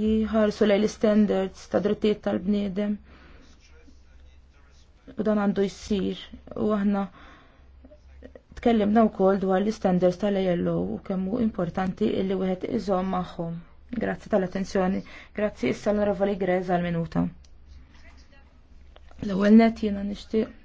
jħarsu lej l-standards ta' drittijiet tal-bniedem. U dan għandu jissir. U aħna tkellimna wkoll dwar l-standards tal-ILO u kemm hu importanti illi wieħed iżomm magħhom. Grazzi tal-attenzjoni. Grazzi issa l-onorevoli Grez għal-minuta. L-ewwel net jiena nixtieq